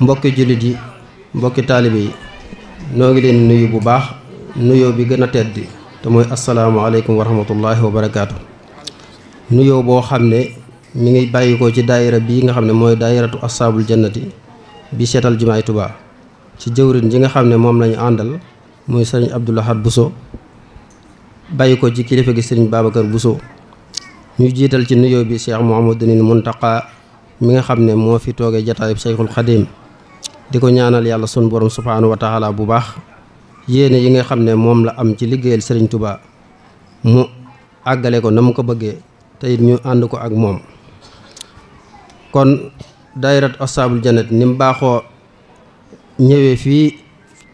mbokki jullit yi mbokki taalibe yi noo ngi leen nuyu bu baax nuyoo bi gën a tedd te mooy asalaamaaleykum wa rahmatullahi wa barakaatu. nuyoo boo xam ne mi ngi bàyyi ko ci daayira bii nga xam ne mooy daayiratu asaabul jannati bi seetal jumaay Tuubaa ci jëwrin ji nga xam ne moom lañu àndal muy sëriñ Abdou Lahad Bousso bàyyi ko ci kilifa gi sëriñ Babacar Bousso ñu jiital ci nuyoo bi Cheikh Mouhamadou Nil Muntaqa mi nga xam ne moo fi toogee jataayub Cheikhul di ko ñaanal yàlla sun borom subhaanahu wa taala bu baax yéene yi nga xam ne moom la am ci liggéeyal sëriñ Touba mu àggale ko na mu ko bëggee te it ñu ànd ko ak moom kon dairat ashabul jannat ni mu baaxoo ñëwee fii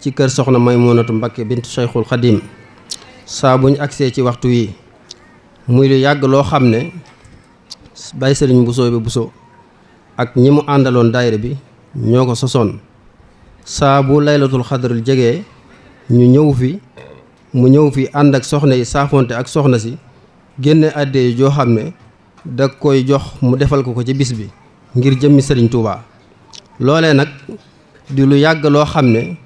ci kër soxna Maymunatu Mbakke bint Cheikhul Xadim saa buñ agsee ci waxtu yi muy lu yàgg loo xam ne bay sëriñ Bousso bi Bousso ak ñi mu àndaloon daayira bi ñoo ko sosoon saa bu laylatul xadarul jege ñu ñëw fi mu ñëw fi ànd ak soxna yi saafonte ak soxna si génne àddee joo xam ne da koy jox mu defal ko ko ci bis bi ngir jëmmi sëriñ Touba. loole nag di lu yàgg loo xam ne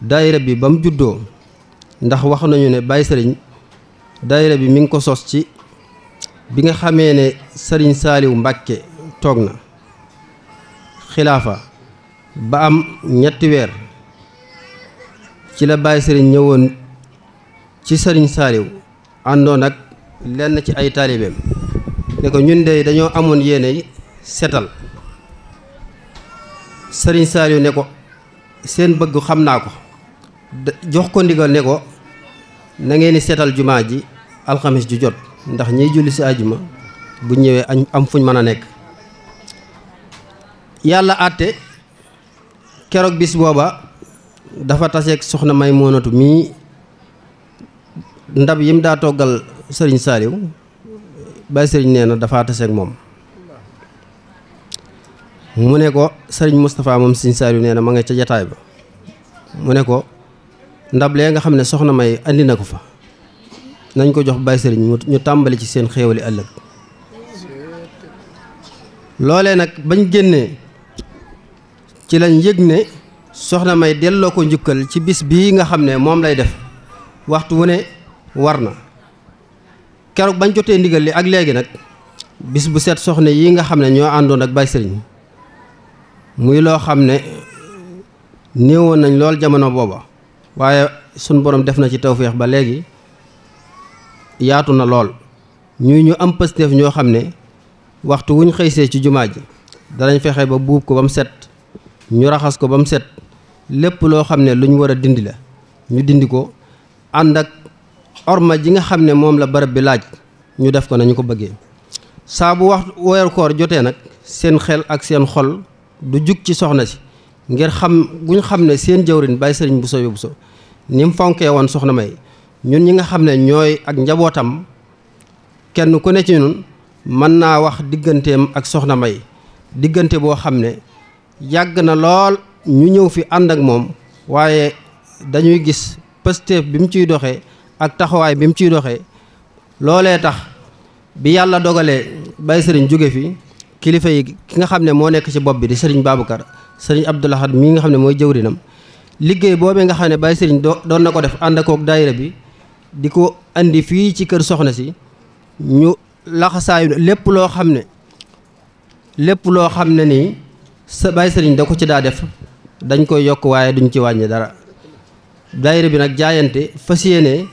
daayira bi ba mu juddoo ndax wax nañu ne Baye sëriñ daayira bi mi ngi ko sos ci bi nga xamee ne sëriñ Saaliw Mbàkke toog na xilaafa ba am ñetti weer ci la Baye sëriñ ñëwoon ci sëriñ Saliou àndoon ak lenn ci ay taalibeem ne ko ñun de dañoo amoon yéene setal sëriñ Saliou ne ko seen bëgg xam naa ko jox ko ndigal ne ko na ngeen di seetal jumaa ji alxemes ju jot ndax ñiy julli si àjjuma bu ñëwee am fuñ mën a nekk yàlla àtte keroog bis booba dafa taseeg soxna may moonatu mii ndab yim daa toggal sëriñ saaliw bay sëriñ nee na dafa taseeg moom mu ne ko sëriñ Moustapha moom sëriñ saaliw nee na mu nga ca jataay ba mu ne ko ndab lee nga xam ne soxna may indi na ko fa nañ ko jox bay sëriñ ñu tàmbali ci seen xéewali ëllëg loolee nag bañ génnee ci lañ yëg ne soxna may delloo ko njukkal ci bis bii nga xam ne moom lay def waxtu wu ne war na keroog bañ jotee ndigal li ak léegi nag bis bu set soxna yi nga xam ne ñoo àndoon ak Baye Serigne muy loo xam ne néewoon nañ lool jamono booba waaye sunu borom def na ci tawféex ba léegi yaatu na lool ñuy ñu am pësteef ñoo xam ne waxtu wuñ xëysee ci jumaa ji danañ fexe ba buub ko ba set ñu raxas ko ba mu set lépp loo xam ne lu ñu war a dindi la ñu dindi ko ànd ak orma ji nga xam ne moom la barab bi laaj ñu def ko nañu ko bëggee saa bu wax weer jotee nag seen xel ak seen xol du jug ci soxna si ngir xam guñ xam ne seen jawrin bay sëriñ bu soobee bu so ni mu fonkee woon soxna may ñun ñi nga xam ne ñooy ak njabootam kenn ku ne ci ñun mën naa wax digganteem ak soxna may diggante boo xam ne yàgg na lool ñu ñëw fi ànd ak moom waaye dañuy gis pësteef bi mu ciy doxee ak taxawaay bi mu ciy doxee loolee tax bi yàlla dogalee bay sëriñ jóge fi kilifa yi ki nga xam ne moo nekk ci bopp bi di sëriñ Babacar sëriñ Abdoul Ahad mii nga xam ne mooy jëwrinam liggéey boobee nga xam ne bay sëriñ doon na ko def ànd akook daayira bi di ko indi fii ci kër soxna si ñu laxasaayu lépp loo xam ne lépp loo xam ne nii sa bàyyi sëriñ da ko ci daa def dañ koy yokk waaye duñu ci wàññi dara daayira bi nag jaayante fas yéene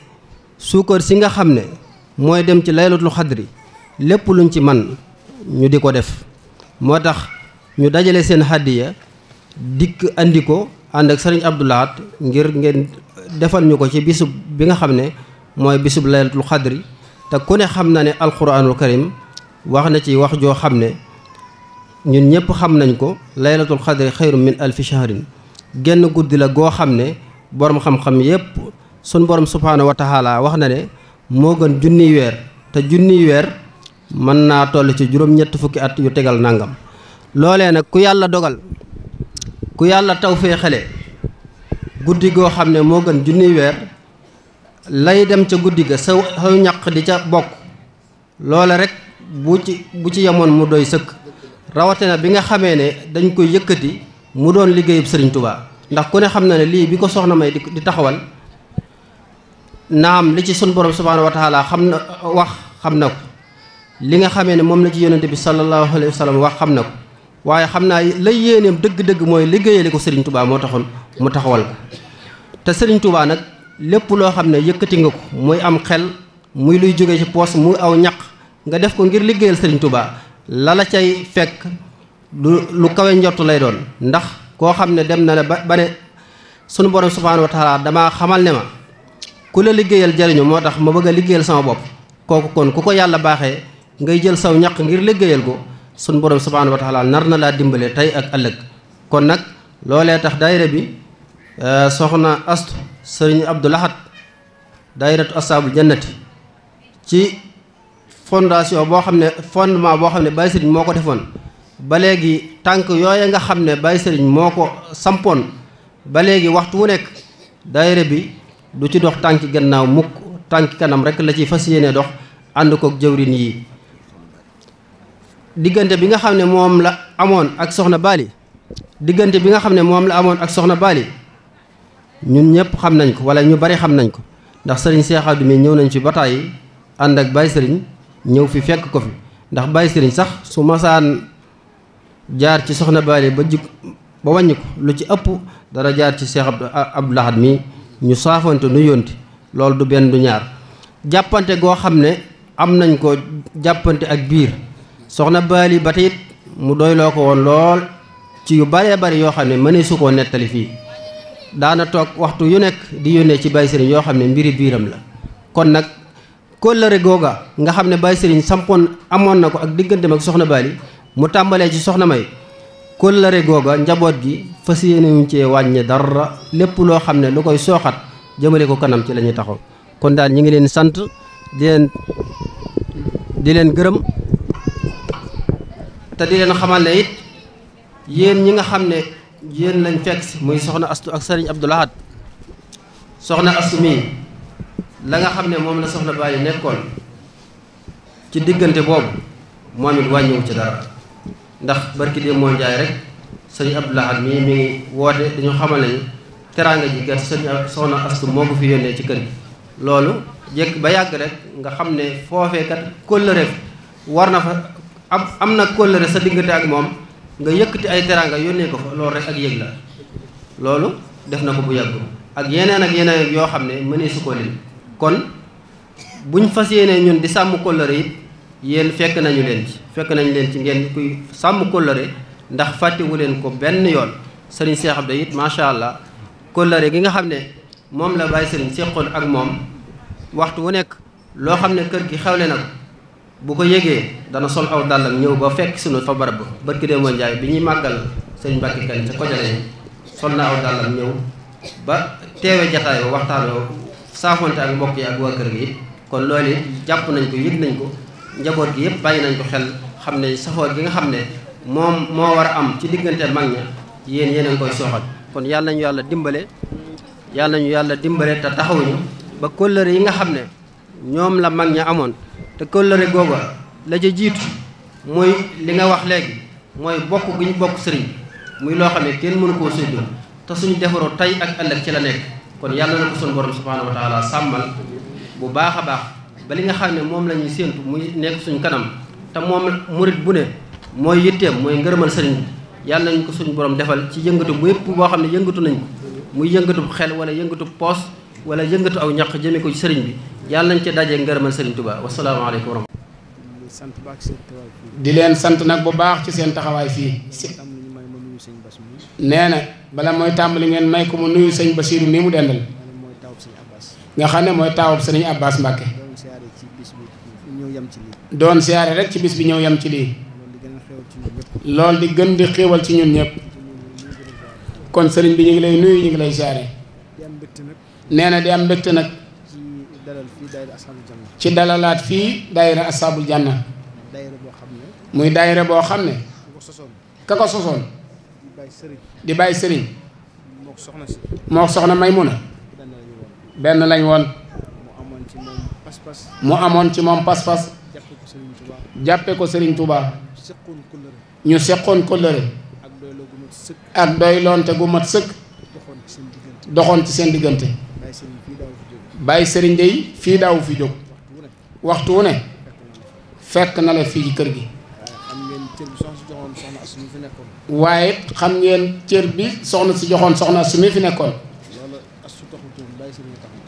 suukar si nga xam ne mooy dem ci laylatul xadri lépp luñ ci man ñu di ko def moo tax ñu dajale seen hàddiya dikk indi ko ànd ak sëriñ Abdou ngir ngeen defal ñu ko ci bisub bi nga xam ne mooy bisub laylatul xadri te ku ne xam na ne alquranul karim wax na ci wax joo xam ne ñun ñëpp xam nañ ko laylatul xadri xayru min alfi shahrin genn guddi la goo xam ne boroom xam-xam yëpp sun borom subhaanahu wa taala wax na ne moo gën junniy weer te junniy weer mën naa toll ci juróom-ñett fukki at yu tegal nangam loolee nag ku yàlla dogal ku yàlla taw fee guddi goo xam ne moo gën junniy weer lay dem ca guddi ga saw saw ñaq di ca bokk loole rek bu ci bu ci yemoon mu doy sëkk rawatina bi nga xamee ne dañ koy yëkkati mu doon liggéeyub sëriñ tubaa ndax ku ne xam na ne lii bi ko soxna may di taxawal am li ci sun borom subhaanahu wa taala xam na wax xam na ko li nga xamee ne moom la ci yonente bi sallallahu alayhi wa sallam wax xam na ko waaye xam naa la yéeneem dëgg-dëgg mooy liggéeyale ko sëriñ tubaa moo taxoon mu taxawal ko te sëriñ tubaa nag lépp loo xam ne yëkkati nga ko muy am xel muy luy jóge ci poos mu aw ñaq nga def ko ngir liggéeyal sëriñ Touba la la cay fekk lu lu kawe njott lay doon ndax koo xam ne dem na la ba ba ne sunu borom subhaanahu wa damaa xamal ne ma ku la liggéeyal jariñu moo tax ma bëgg a liggéeyal sama bopp kooku kon ku ko yàlla baaxee ngay jël saw ñaq ngir liggéeyal ko sunu borom subhaanahu wa taala nar na laa dimbalee tey ak ëllëg kon nag loolee tax dayre bi euh, soxna astu sëriñ Abdou Lahad daayiratu asaabul jannati ci fondation boo xam ne fondement boo xam ne Baye Serigne moo ko defoon ba léegi tànk yooya nga xam ne Baye Serigne moo ko sampoon ba léegi waxtu wu nekk daayira bi du ci dox tànk gannaaw mukk tànk kanam rek la ci fas yéene dox ànd kook jëwrin yi diggante bi nga xam ne moom la amoon ak soxna Bali diggante bi nga xam ne moom la amoon ak soxna baali ñun ñëpp xam nañ ko wala ñu bari xam nañ ko ndax sëriñ Cheikh Abdou mi ñëw nañ fi bataay ànd ak Baye Serigne ñëw fi fekk ko fi ndax bàyyi sëriñ sax su masaan jaar ci soxna Baale ba jik ba wàññi ko lu ci ëpp dara jaar ci Seex ab Lahad mi ñu saafante nu yónti loolu du benn du ñaar jàppante goo xam ne am nañ ko jàppante ak biir soxna Baali ba tey mu doyloo ko woon lool ci yu baree bari yoo xam ne mënee su koo nettali fii daana toog waxtu yu nekk di yónnee ci bay sëriñ yoo xam ne mbiri biiram la kon nag kóllëre googa nga xam ne bay sëriñ sampoon amoon na ko ak diggante ak soxna Bali mu tàmbalee ci soxna May kóllëre googa njaboot gi fas yéenewuñ ci wàññi dara lépp loo xam ne lu koy sooxat jëmale ko kanam ci lañuy taxaw kon daal ñi ngi leen sant di leen di leen gërëm te di leen xamal ne it yéen ñi nga xam ne yéen lañ fekk si muy soxna astu ak sëriñ Abdoul Ahad soxna astu mii la nga xam ne moom la soxna bàyyi nekkoon ci diggante boobu moom it wàññiwu ci dara ndax barki dee moo njaay rek sëñ Abdoulahad mii mi ngi woote dañu xamal ne teraanga ji kat sëñ soxna astu moo ko fi yónnee ci kër gi loolu jekk ba yàgg rek nga xam ne foofee kat kóllëre war na fa am am na kóllëre sa diggante ak moom nga yëkkati ay teraanga yónnee ko fa loolu rek ak yëg la loolu def na ko bu yàgg ak yeneen ak yeneen yoo xam ne mënee su ko kon buñ fas yéenee ñun di sàmm kóllëre it yéen fekk nañu leen ci fekk nañu leen ci ngeen kuy sàmm kóllëre ndax fàttewu leen ko benn yoon sëriñ Cheikh Abdou it macha allah kóllëre gi nga xam ne moom la bàyyi sëriñ seqoon ak moom waxtu wu nekk loo xam ne kër gi xewle na bu ko yëgee dana sol aw dàllam ñëw ba fekk sunu fa barab ba barki démb Njaay bi ñuy màggal sëriñ Mbàkke Kan ca kojale sol na aw dàllam ñëw ba teewe jataay ba saafonte ak mbokk yi ak waa kër gi it kon loolu it jàpp nañ ko yëg nañ ko njaboot gi yëpp bàyyi nañ ko xel xam ne safoot gi nga xam ne moom moo war a am ci diggante mag ña yéen yeneen a ngi koy soxal kon yàlla nañu yàlla dimbale yàlla nañu yàlla dimbale te taxawuñu ba kóllëre yi nga xam ne ñoom la mag ña amoon te kóllëre googa la ca jiitu muy li nga wax léegi mooy bokk gi ñu bokk sëriñ muy loo xam ne kenn mënu koo séddoo te suñu defaroo tey ak ëllëg ci la kon yàlla na ko sunu borom subhaanahu wa sàmmal bu baax a baax ba li nga xam ne moom la ñuy séentu muy nekk suñ kanam te moom murit bu ne mooy yitteem mooy ngërëmal sëriñ bi yàlla nañ ko suñu borom defal ci yëngatu bu yëpp boo xam ne yëngatu nañ ko muy yëngatu xel wala yëngatu poos wala yëngatu aw ñaq jëme ko ci sëriñ bi yàlla nañ ca dajee ngërëmal sëriñ Tuubaa wasalaamaaleykum wa rahmatulah. di leen sant nag bu baax ci seen taxawaay fii. nee na bala mooy tàmbali ngeen may ko mu nuyu sëñ Basiiru nii mu dendal nga xam ne mooy taawub sëriñ Abbas Mbàkke doon siyaare rek ci bis bi ñëw yam ci lii loolu di gën di xéewal ci ñun ñëpp kon sëriñ bi ñu ngi lay nuyu ñu ngi lay siyaare nee na di am mbégte nag ci dalalaat fii daayira asaabul janna muy daayira boo xam ne ka ko sosoon di bàyyi sëriñ moo soxna Maymuna benn lañ woon mu amoon ci moom pas-pas jàppe ko sëriñ Touba ñu seqoon kóllëre ak doy loonte gu mat sëkk doxoon ci seen diggante bàyyi sëriñ dey fii daawu fi jóg waxtu wu ne fekk na la fii ci kër gi waaye xam ngeen cër bi soxna si joxoon soxna su mi fi nekkoon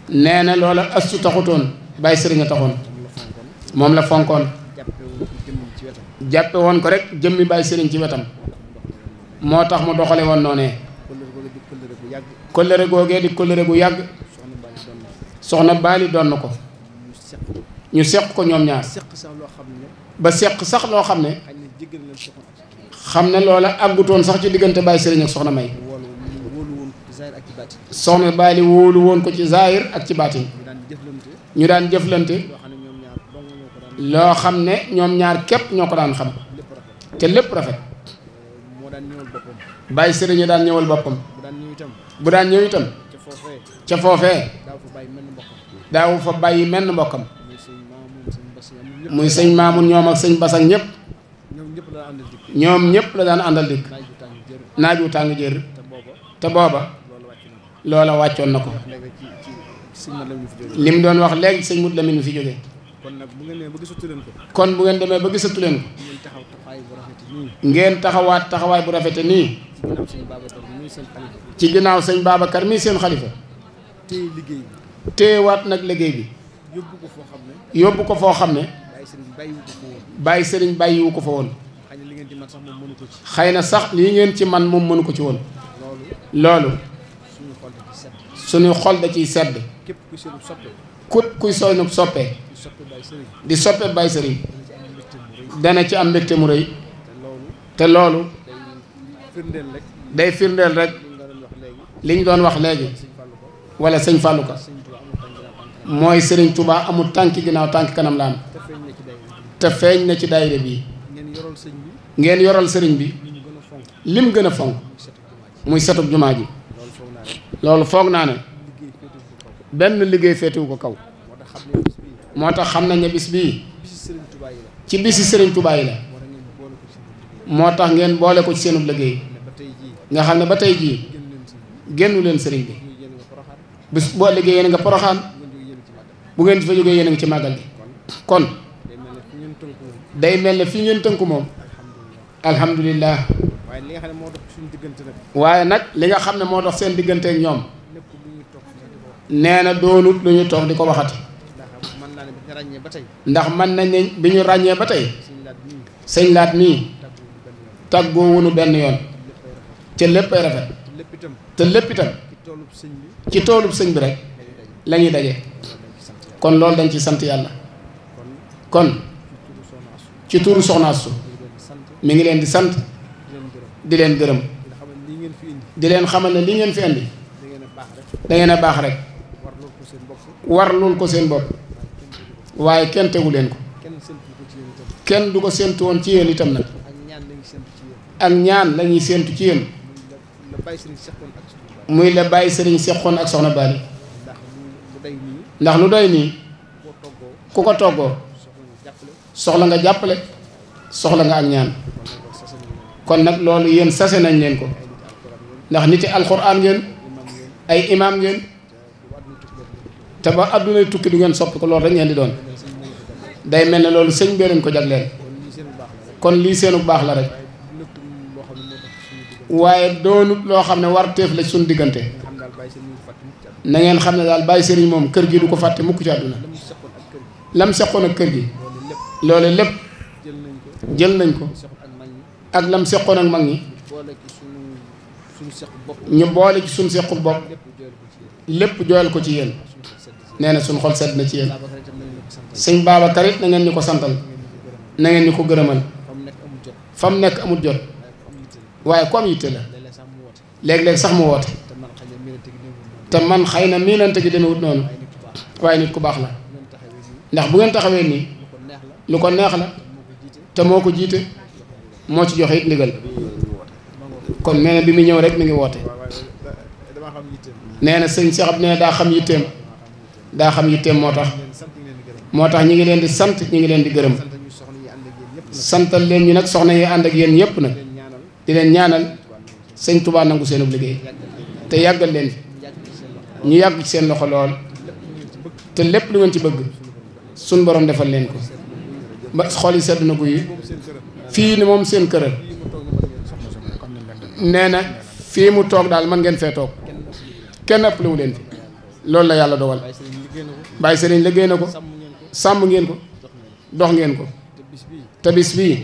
nee na loola astu taxutoon bàyyi sëriñ a taxoon moom la fonkoon jàppe woon ko rek jëmmi bàyyi sëriñ ci wetam moo tax mu doxale woon noonee kóllëre googee di kóllëre gu yàgg soxna baali doon na ko ñu seq ko ñoom ñaar ba seq sax loo xam ne xam ne loola àggutoon sax ci diggante Baye Serigne ak Soxna May. soxna Baali wóolu woon ko ci Zahir ak ci baatin. ñu daan jëflante. loo xam ne ñoom ñaar képp ñoo ko daan xam. te lépp rafet. Baye Serigne daan ñëwal boppam. bu daan ñëw itam. ca foofee. daaw fa bàyyi menn mbokkam. muy sëñ Maamun ñoom ak sëñ Basak ñëpp. ñoom ñëpp la daan àndal dikk naaj wu tàng jër te booba loola wàccoon na ko li mu doon wax léegi sëñ Mut Lamin fi jógee kon nag bu ngeen demee ba gisatu leen ko. kon bu ngeen demee ba gisatu leen ko. ngeen taxaw taxawaay bu rafete nii. ngeen taxawaat taxawaay bu rafete nii. ci ginnaaw sëñ Babacar mii seen xalifa. téye liggéey bi. nag liggéey bi. yóbbu ko foo xam ne. yóbbu ko foo xam ne. bàyyi sëriñ bàyyiwu bàyyi sëriñ bàyyiwu ko fa woon. xëy na sax lii ngeen ci man moom mënu ko ci woon loolu suñu xol da ciy sedd kut kuy soñu soppe di soppe bay sëriñ dana ci am mbégte mu rëy te loolu day firndeel rek liñ doon wax léegi wala sëñ Fallou Ka mooy sëriñ Touba amul tànki ginnaaw tànki kanam la am te feeñ na ci daayira bi ngeen yoral sëriñ bi lim gën a fonk muy setub jumaa ji loolu foog naa ne benn liggéey féetewu ko kaw moo tax xam nañ ne bis bii ci bisi sëriñ Tuubaa yi la moo tax ngeen boole ko ci seenub liggéey nga xam ne ba tey jii génnu leen sëriñ bi bis boo liggéey yéen nga poroxaan bu ngeen fa jógee yéen ngi ci màggal gi kon day mel ne fi ngeen tënk moom alhamdulilah. waaye li nga xam ne moo suñu diggante nag. nag li nga xam ne moo dox seen diggante ak ñoom. nee na doonut lu ñu toog di ko waxati. ndax mën naa ne ñu ba tey. ndax mën nañ ne bi ñu ràññee ba tey. sëñ laat mii. tàggoo wunu benn yoon. ca léppay rafet. te lépp itam. ci toolub sëñ bi rek. lañuy daje. kon loolu dañ ci sant yàlla. kon. ci tuuru soxna Astou. mi ngi leen di sant di leen gërëm di leen xamal ne li ngeen fi indi da ngeen a baax rek war warlul ko seen bopp waaye kenn tegu leen ko kenn du ko séntu woon ci yéen itam nag ak ñaan la ñuy séntu ci yéen muy la bàyyi sëriñ seqoon ak soxna Bali ndax lu doy nii ku ko toggoo soxla nga jàppale soxla nga ak ñaan kon nag loolu yéen sase nañ leen ko ndax niti alxuraan ngeen ay imaam ngeen te ba àdduna tukki du ngeen soppi ko loolu rek ngeen di doon day mel ne loolu sëñ bee ko jagleel kon lii seenu baax la rek waaye doonut loo xam ne war teef la suñ diggante na ngeen xam ne daal bàyyi sëriñ moom kër gi du ko fàtte mukk ci àdduna lam seqoon ak kër gi loole lépp jël nañ ko ak lam seqoon ak mag ñi ñu boole ci suñ sequ bopp lépp jooyal ko ci yéen nee na suñ xol sedd na ci yéen sëñ Babacar it na ngeen ñu ko santal na ngeen ñu ko gërëmal fa mu nekk amul jot waaye comme am yitte la léeg-léeg sax mu woote te man xëy na miinante gi demewut noonu waaye nit ku baax la ndax bu ngeen taxawee nii lu ko neex la te moo ko jiite moo ci joxe it ndigal kon nee na bi mu ñëw rek mi ngi woote nee na sëñ Cheikh Abdou nee na daa xam yitteem daa xam yitteem moo tax moo tax ñi ngi leen di sant ñi ngi leen di gërëm santal leen ñu nag soxna yi ànd ak yéen yëpp nag di leen ñaanal sëñ Touba nangu seen ub liggéey te yàggal leen ñu yàgg ci seen loxo lool te lépp lu ngeen ci bëgg suñ borom defal leen ko ba xol yi sedd na guy fii ni moom seen këral nee na fii mu toog daal man ngeen fee toog kenn ëppalewu leen fi loolu la yàlla dogal bàyyi sëriñ liggéey na ko sàmm ngeen ko dox ngeen ko te bis bii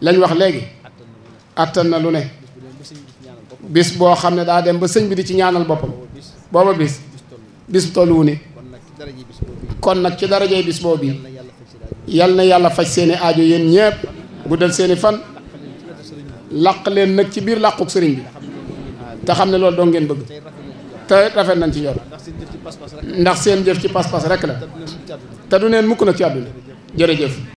lañ wax léegi attan na lu ne bis boo xam ne daa dem ba sëñ bi di ci ñaanal boppam booba bis bis tolluwu ni kon nag ci darajey bis boobu yal na yàlla faj seeni aajo yéen ñépp guddal seeni fan làq leen nag ci biir làquk sëriñ bi te xam ne loolu doo ngeen bëgg te rafet nañ ci yor ndax seen jëf ci pas-pas rek la te du neen mukk nag ci àdduna jërëjëf